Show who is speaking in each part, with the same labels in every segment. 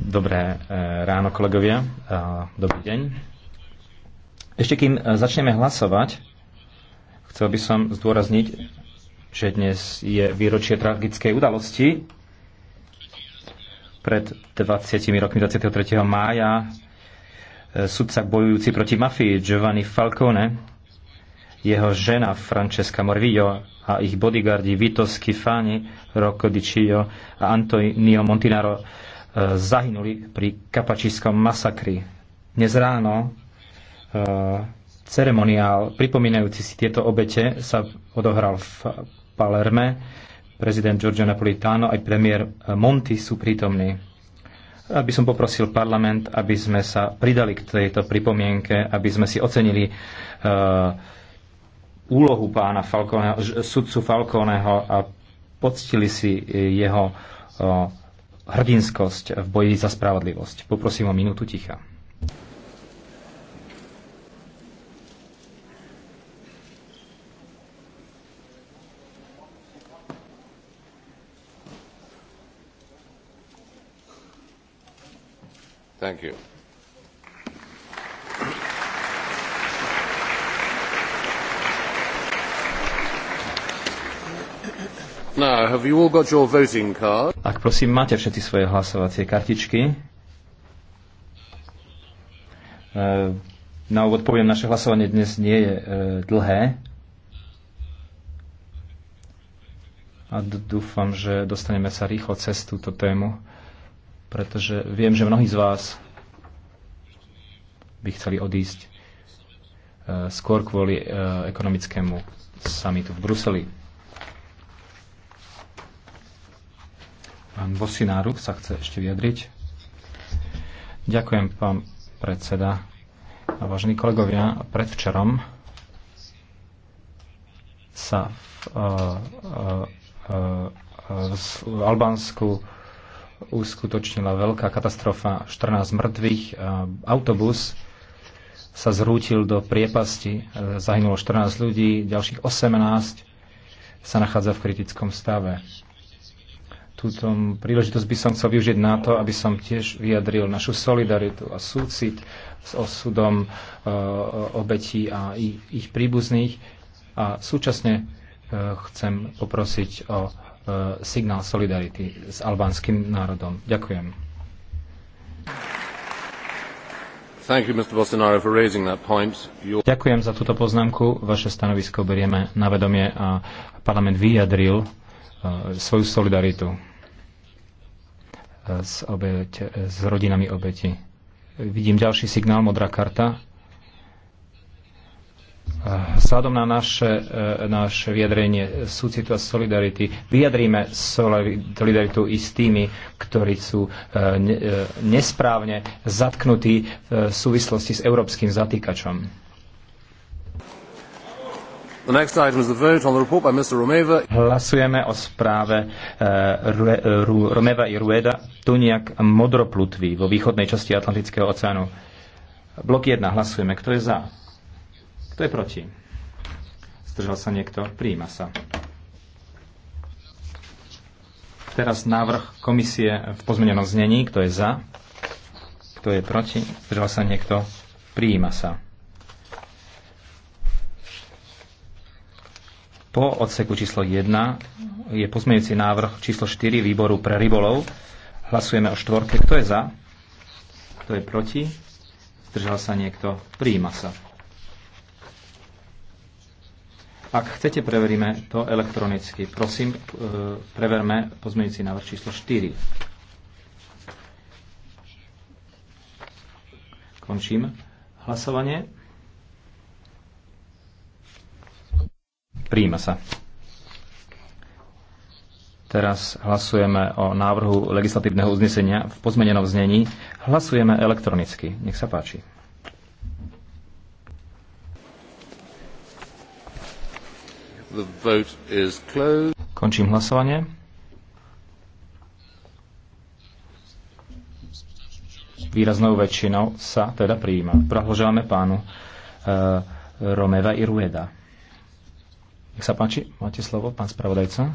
Speaker 1: Dobré eh, ráno, kolegovia. Eh, dobrý deň. Ešte kým eh, začneme hlasovať, chcel by som zdôrazniť, že dnes je výročie tragickej udalosti. Pred 20 rokmi 23. mája sudca bojujúci proti mafii Giovanni Falcone jeho žena Francesca Morvillo a ich bodyguardi Vito Schifani, Rocco Di Cio a Antonio Montinaro eh, zahynuli pri kapačískom masakri. Dnes ráno eh, ceremoniál pripomínajúci si tieto obete sa odohral v Palerme. Prezident Giorgio Napolitano aj premiér Monti sú prítomní. Aby som poprosil parlament, aby sme sa pridali k tejto pripomienke, aby sme si ocenili e, úlohu pána Falconeho, sudcu Falconeho a poctili si e, jeho e, hrdinskosť v boji za spravodlivosť. Poprosím o minútu ticha.
Speaker 2: Thank you. Now, have you all got your voting card?
Speaker 1: Ak prosím, máte všetci svoje hlasovacie kartičky. Eh, na úvod poviem, naše hlasovanie dnes nie je eh, dlhé. A dúfam, že dostaneme sa rýchlo cez túto tému, pretože viem, že mnohí z vás by chceli odísť eh, skôr kvôli ekonomickému samitu v Bruseli. Pán Bosináru sa chce ešte vyjadriť. Ďakujem, pán predseda. A vážení kolegovia, predvčerom sa v, e, e, e, v Albánsku uskutočnila veľká katastrofa, 14 mŕtvych, autobus sa zrútil do priepasti, zahynulo 14 ľudí, ďalších 18 sa nachádza v kritickom stave. Túto príležitosť by som chcel využiť na to, aby som tiež vyjadril našu solidaritu a súcit s osudom e, obetí a ich príbuzných a súčasne e, chcem poprosiť o e, signál solidarity s albánskym národom. Ďakujem. You, Ďakujem za túto poznámku. Vaše stanovisko berieme na vedomie a parlament vyjadril svoju solidaritu s, obeť, s rodinami obeti. Vidím ďalší signál, modrá karta. Sádom na naše, e, naše vyjadrenie súcitu a solidarity vyjadríme solidaritu i s tými, ktorí sú e, e, nesprávne zatknutí v súvislosti s európskym zatýkačom. Hlasujeme o správe eh, Romeva i Rueda, tu nejak modroplutví vo východnej časti Atlantického oceánu. Blok 1 hlasujeme. Kto je za? Kto je proti? Zdržal sa niekto? Príjima sa. Teraz návrh komisie v pozmenenom znení. Kto je za? Kto je proti? Zdržal sa niekto? Príjima sa. Po odseku číslo 1 je pozmeňujúci návrh číslo 4 výboru pre rybolov. Hlasujeme o štvorke. Kto je za? Kto je proti? Zdržal sa niekto? Prijíma sa. Ak chcete, preveríme to elektronicky. Prosím, e, preverme pozmeňujúci návrh číslo 4. Končím hlasovanie. Príjme sa. Teraz hlasujeme o návrhu legislatívneho uznesenia v pozmenenom znení. Hlasujeme elektronicky. Nech sa páči.
Speaker 2: The vote is closed.
Speaker 1: Končím hlasovanie. Výraznou väčšinou sa teda prijíma. Blahoželáme pánu uh, Romeva Irueda. Nech sa páči, máte slovo, pán spravodajca.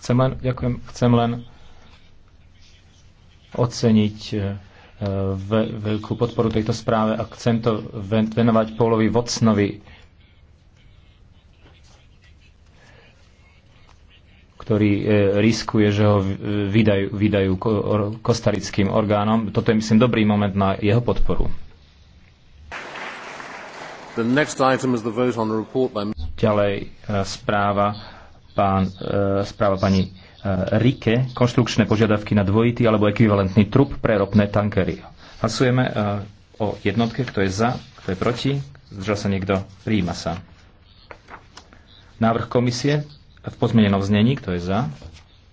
Speaker 1: Chcem len, ďakujem, chcem len oceniť e, ve, veľkú podporu tejto správe a chcem to venovať Pólovi Vocnovi, ktorý e, riskuje, že ho vydajú, vydajú kostarickým orgánom. Toto je, myslím, dobrý moment na jeho podporu.
Speaker 2: Ďalej e,
Speaker 1: správa, pán, e, správa pani e, Rike, konštrukčné požiadavky na dvojitý alebo ekvivalentný trup pre ropné tankery. Hlasujeme o jednotke, kto je za, kto je proti, zdržal sa niekto, príjima sa. Návrh komisie v pozmenenom znení, kto je za,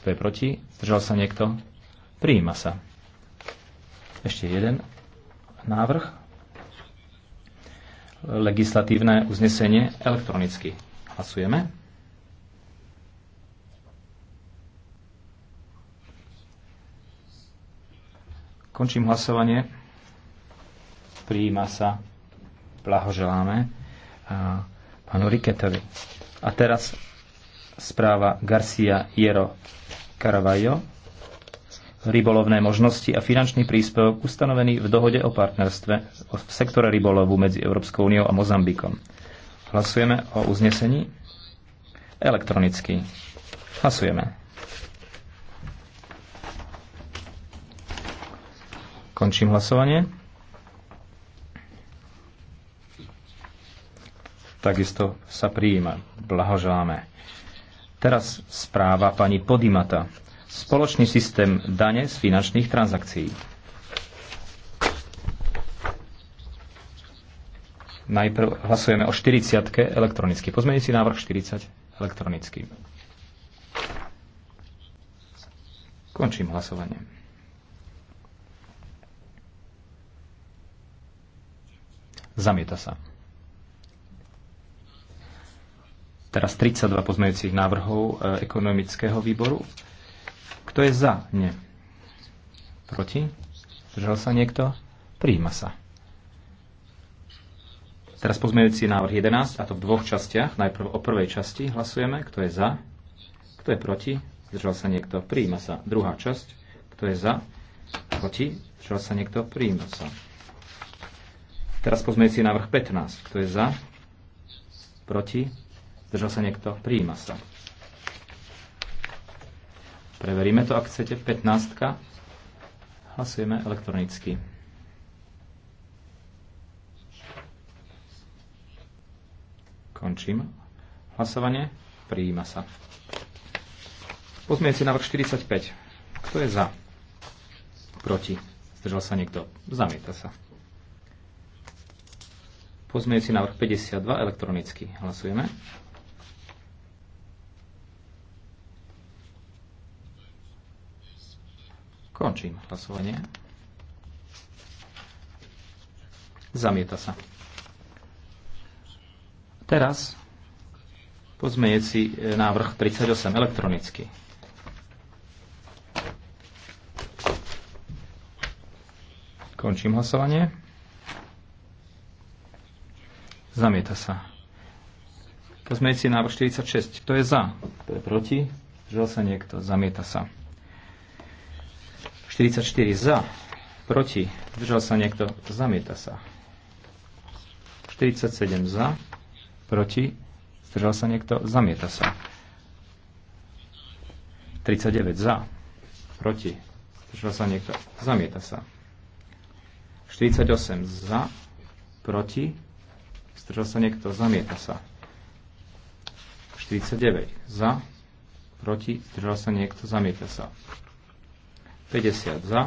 Speaker 1: kto je proti, zdržal sa niekto, príjima sa. Ešte jeden návrh legislatívne uznesenie elektronicky. Hlasujeme. Končím hlasovanie. Príjima sa. Blahoželáme eh, pánu Riketovi. A teraz správa Garcia Jero Caravaggio rybolovné možnosti a finančný príspevok ustanovený v dohode o partnerstve v sektore rybolovu medzi Európskou úniou a Mozambikom. Hlasujeme o uznesení elektronicky. Hlasujeme. Končím hlasovanie. Takisto sa prijíma. Blahoželáme. Teraz správa pani Podimata spoločný systém dane z finančných transakcií. Najprv hlasujeme o 40 elektronicky. Pozmeniť si návrh 40 elektronicky. Končím hlasovanie. Zamieta sa. Teraz 32 pozmejúcich návrhov e, ekonomického výboru. Kto je za? Nie. Proti? Zdržal sa niekto? príjma sa. Teraz pozmeňujúci návrh 11, a to v dvoch častiach. Najprv o prvej časti hlasujeme. Kto je za? Kto je proti? Zdržal sa niekto? príjma sa. Druhá časť. Kto je za? Proti? Zdržal sa niekto? príjma sa. Teraz pozmeňujúci návrh 15. Kto je za? Proti? Zdržal sa niekto? príjma sa. Preveríme to, ak chcete. 15. Hlasujeme elektronicky. Končím hlasovanie. Prijíma sa. Pozmiete návrh 45. Kto je za? Proti. Zdržal sa niekto? Zamieta sa. Pozmiete návrh 52 elektronicky. Hlasujeme. Končím hlasovanie. Zamieta sa. Teraz pozmenieť si e, návrh 38 elektronicky. Končím hlasovanie. Zamieta sa. si návrh 46. Kto je za? Kto je proti? Žal sa niekto. Zamieta sa. 44 za, proti, držal sa niekto, zamieta sa. 47 za, proti, zdržal sa niekto, zamieta sa. 39 za, proti, zdržal sa niekto, zamieta sa. 48 za, proti, zdržal sa niekto, zamieta sa. 49 za, proti, zdržal sa niekto, zamieta sa. 50 za,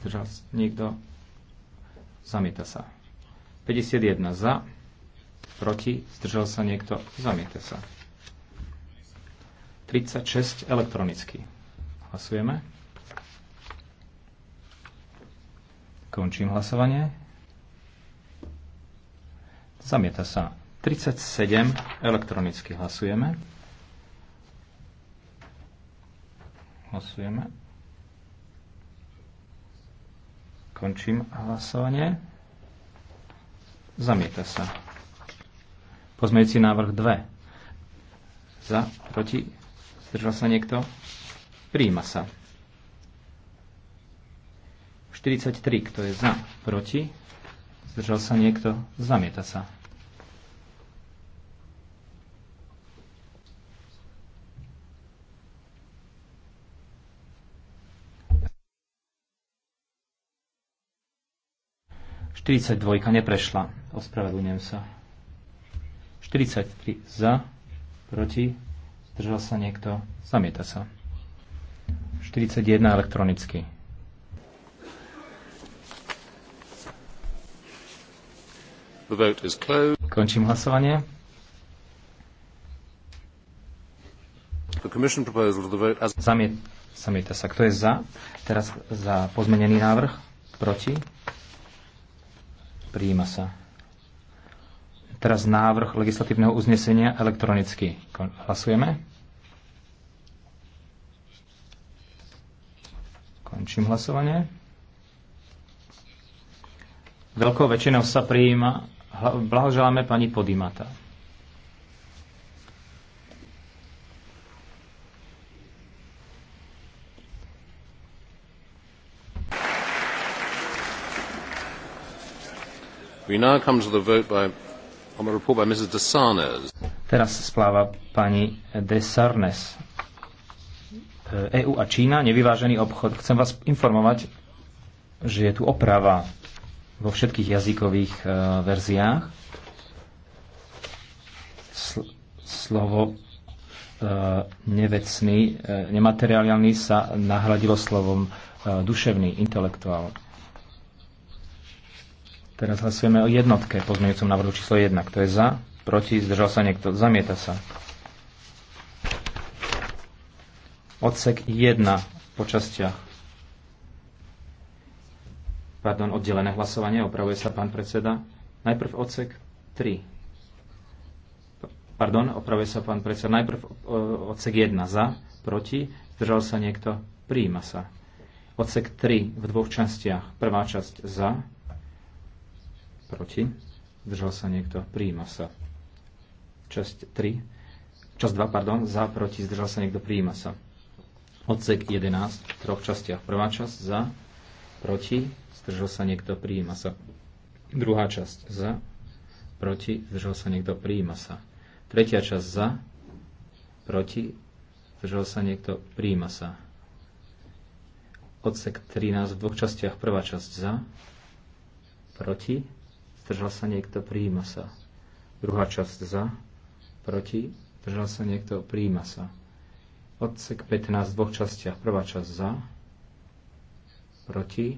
Speaker 1: zdržal niekto, zamieta sa. 51 za, proti, zdržal sa niekto, zamieta sa. 36 elektronicky. Hlasujeme. Končím hlasovanie. Zamieta sa. 37 elektronicky hlasujeme. Hlasujeme. Končím hlasovanie. Zamieta sa. Pozmejúci návrh 2. Za, proti, zdržal sa niekto? Príjima sa. 43, kto je za, proti, zdržal sa niekto? Zamieta sa. 42 neprešla. Ospravedlňujem sa. 43 za, proti, zdržal sa niekto, zamieta sa. 41 elektronicky.
Speaker 2: The vote is closed.
Speaker 1: Končím hlasovanie.
Speaker 2: The commission proposal to the vote as... Zamiet,
Speaker 1: zamieta sa. Kto je za? Teraz za pozmenený návrh. Proti? Príjima sa. Teraz návrh legislatívneho uznesenia elektronicky. Hlasujeme. Končím hlasovanie. Veľkou väčšinou sa prijíma. Blahoželáme pani Podimata. Teraz spláva pani de Sarnes. EU e a Čína, nevyvážený obchod. Chcem vás informovať, že je tu oprava vo všetkých jazykových e, verziách. slovo e, nevecný, nemateriálny sa nahradilo slovom duševný, intelektuál. Teraz hlasujeme o jednotke pozmeňujúcom návrhu číslo 1. Kto je za? Proti? Zdržal sa niekto? Zamieta sa. Odsek 1 po častiach. Pardon, oddelené hlasovanie. Opravuje sa pán predseda. Najprv odsek 3. Pardon, opravuje sa pán predseda. Najprv odsek 1 za, proti, zdržal sa niekto, Príjima sa. Odsek 3 v dvoch častiach. Prvá časť za, proti, zdržal sa niekto, prijíma sa. Časť 3, časť 2, pardon, za, proti, zdržal sa niekto, prijíma sa. Odsek 11 v troch častiach. Prvá časť za, proti, zdržal sa niekto, prijíma sa. Druhá časť za, proti, zdržal sa niekto, prijíma sa. Tretia časť za, proti, zdržal sa niekto, prijíma sa. Odsek 13 v dvoch častiach. Prvá časť za, proti, zdržal sa niekto, prijíma sa. Druhá časť za, proti, zdržal sa niekto, prijíma sa. Odsek 15 v dvoch častiach. Prvá časť za, proti,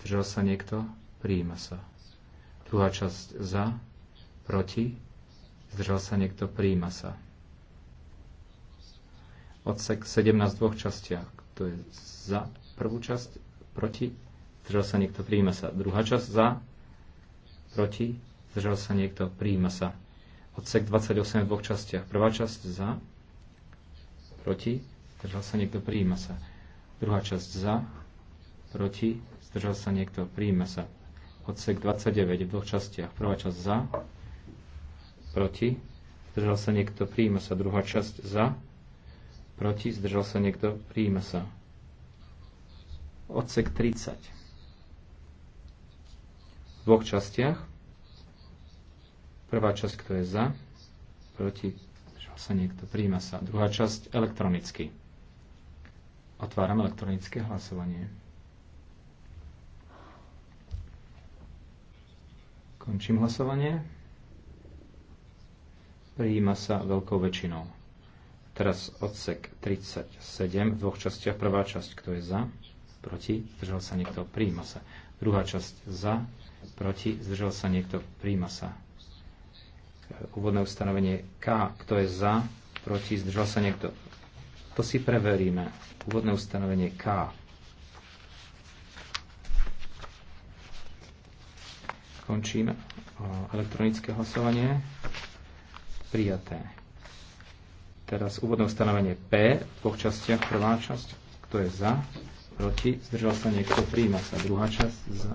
Speaker 1: zdržal sa niekto, prijíma sa. Druhá časť za, proti, zdržal sa niekto, prijíma sa. Odsek 17 v dvoch častiach. To je za prvú časť, proti, zdržal sa niekto, prijíma sa. Druhá časť za, proti, zdržal sa niekto, prijíma sa. Odsek 28 v dvoch častiach. Prvá časť za, proti, zdržal sa niekto, prijíma sa. Druhá časť za, proti, zdržal sa niekto, prijíma sa. Odsek 29 v dvoch častiach. Prvá časť za, proti, zdržal sa niekto, prijíma sa. Druhá časť za, proti, zdržal sa niekto, prijíma sa. Odsek 30 dvoch častiach. Prvá časť, kto je za, proti, zdržal sa niekto, príjma sa. Druhá časť elektronicky. Otváram elektronické hlasovanie. Končím hlasovanie. Prijíma sa veľkou väčšinou. Teraz odsek 37 v dvoch častiach. Prvá časť, kto je za, proti, zdržal sa niekto, prijíma sa. Druhá časť za, proti, zdržal sa niekto, príjma sa. Úvodné ustanovenie K, kto je za, proti, zdržal sa niekto. To si preveríme. Úvodné ustanovenie K. Končím eh, elektronické hlasovanie. Prijaté. Teraz úvodné ustanovenie P v dvoch častiach. Prvá časť, kto je za, proti, zdržal sa niekto, príjma sa. Druhá časť, za,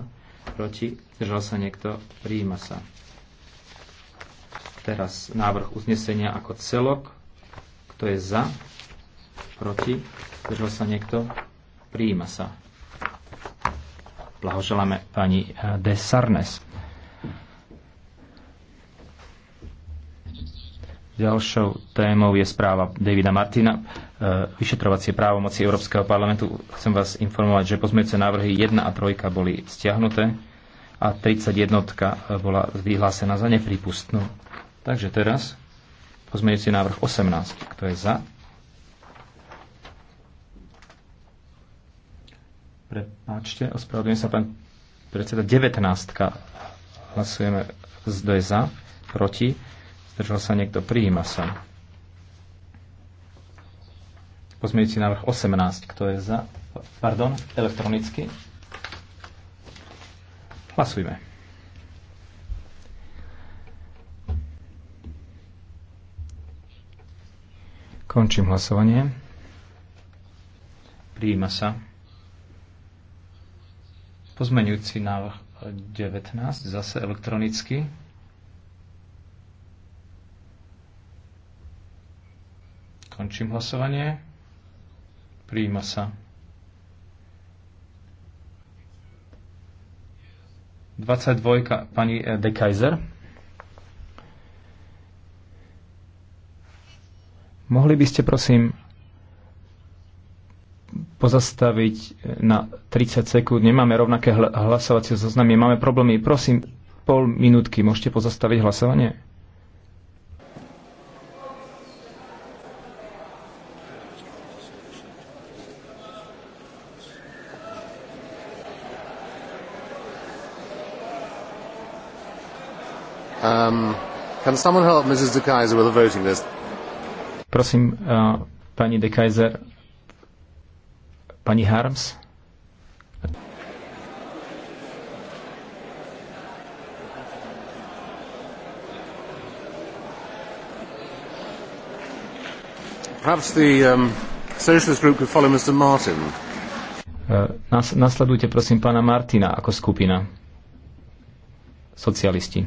Speaker 1: proti, držal sa niekto, prijíma sa. Teraz návrh uznesenia ako celok. Kto je za, proti, držal sa niekto, prijíma sa. Blahoželáme pani eh, De Sarnes. Ďalšou témou je správa Davida Martina. E, vyšetrovacie právomoci Európskeho parlamentu. Chcem vás informovať, že pozmeňujúce návrhy 1 a 3 boli stiahnuté a 31 bola vyhlásená za neprípustnú. Takže teraz pozmeňujúci návrh 18. Kto je za? Prepáčte, ospravedlňujem sa, pán predseda. 19. Hlasujeme, kto je za, proti. Zdržal sa niekto, prijíma sa pozmeňujúci návrh 18, kto je za, pardon, elektronicky. Hlasujme. Končím hlasovanie. Prijíma sa. Pozmeňujúci návrh 19, zase elektronicky. Končím hlasovanie. Príjima sa. 22. pani eh, De Kaiser. Mohli by ste prosím pozastaviť eh, na 30 sekúnd. Nemáme rovnaké hlasovacie zoznamy, máme problémy. Prosím, pol minútky môžete pozastaviť hlasovanie?
Speaker 2: Um, can someone help Mrs. De Kaiser with a voting list?
Speaker 1: Prosím, uh, pani De Kaiser, pani Harms.
Speaker 2: Perhaps the um, socialist group could follow Mr. Martin.
Speaker 1: Uh, nas- nasledujte prosím pána Martina ako skupina. Socialisti.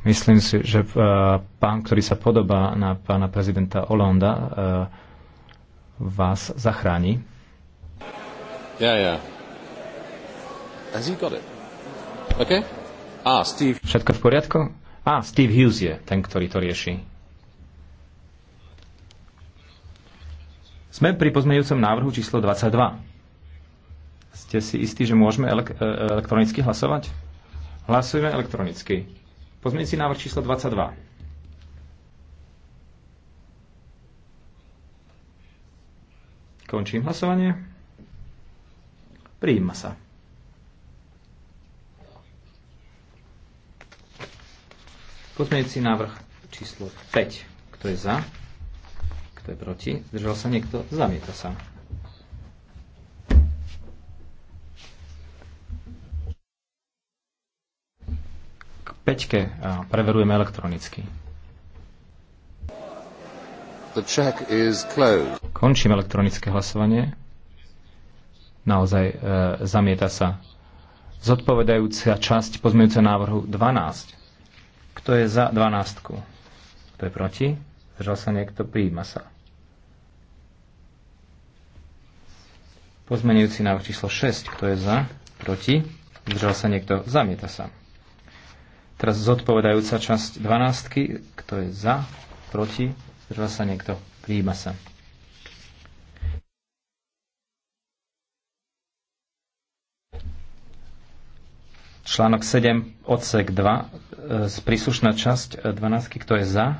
Speaker 1: Myslím si, že eh, pán, ktorý sa podobá na pána prezidenta Olonda, eh, vás zachráni.
Speaker 2: Yeah, yeah. Has he got it? Okay.
Speaker 1: Ah, Steve. Všetko v poriadku? Á, ah, Steve Hughes je ten, ktorý to rieši. Sme pri pozmeňujúcom návrhu číslo 22. Ste si istí, že môžeme elek- eh, elektronicky hlasovať? Hlasujeme elektronicky. Pozmeňujúci návrh číslo 22. Končím hlasovanie. Prijíma sa. Pozmeňujúci návrh číslo 5. Kto je za? Kto je proti? Zdržal sa niekto? Zamieta sa. peťke a preverujeme elektronicky.
Speaker 2: The check is closed.
Speaker 1: Končím elektronické hlasovanie. Naozaj e, zamieta sa zodpovedajúca časť pozmeňujúceho návrhu 12. Kto je za 12? Kto je proti? Zdržal sa niekto? Prijíma sa. Pozmenujúci návrh číslo 6. Kto je za? Proti? Zdržal sa niekto? Zamieta sa. Teraz zodpovedajúca časť dvanástky, Kto je za? Proti? Zdržal sa niekto? Príjima sa. Článok 7, odsek 2, z e, príslušná časť 12. E, Kto je za?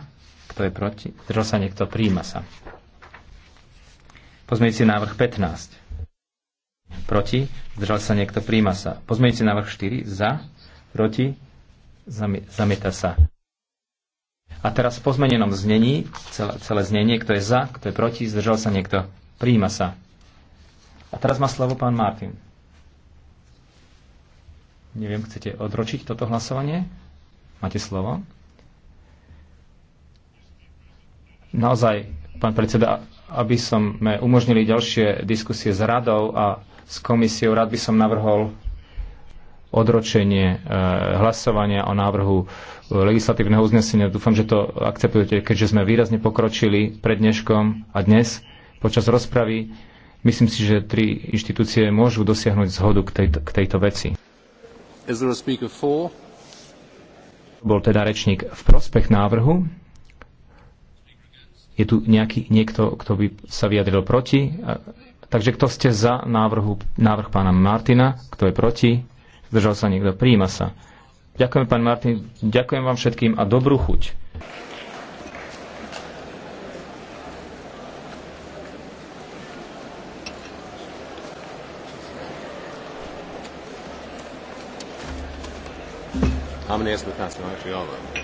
Speaker 1: Kto je proti? Zdržal sa niekto? Príjima sa. si návrh 15. Proti? Zdržal sa niekto? Príjima sa. si návrh 4. Za? Proti? Zamieta sa. A teraz v pozmenenom znení, celé, celé znenie, kto je za, kto je proti, zdržal sa niekto, príjima sa. A teraz má slovo pán Martin. Neviem, chcete odročiť toto hlasovanie? Máte slovo? Naozaj, pán predseda, aby som umožnili ďalšie diskusie s radou a s komisiou, rád by som navrhol odročenie e, hlasovania o návrhu e, legislatívneho uznesenia. Dúfam, že to akceptujete, keďže sme výrazne pokročili pred dneškom a dnes počas rozpravy. Myslím si, že tri inštitúcie môžu dosiahnuť zhodu k tejto, k tejto veci. Bol teda rečník v prospech návrhu. Je tu nejaký, niekto, kto by sa vyjadril proti? E, takže kto ste za návrhu, návrh pána Martina? Kto je proti? Zdržal sa niekto? Príjima sa. Ďakujem, pán Martin. Ďakujem vám všetkým a dobrú chuť.
Speaker 2: How many S15 actually are there?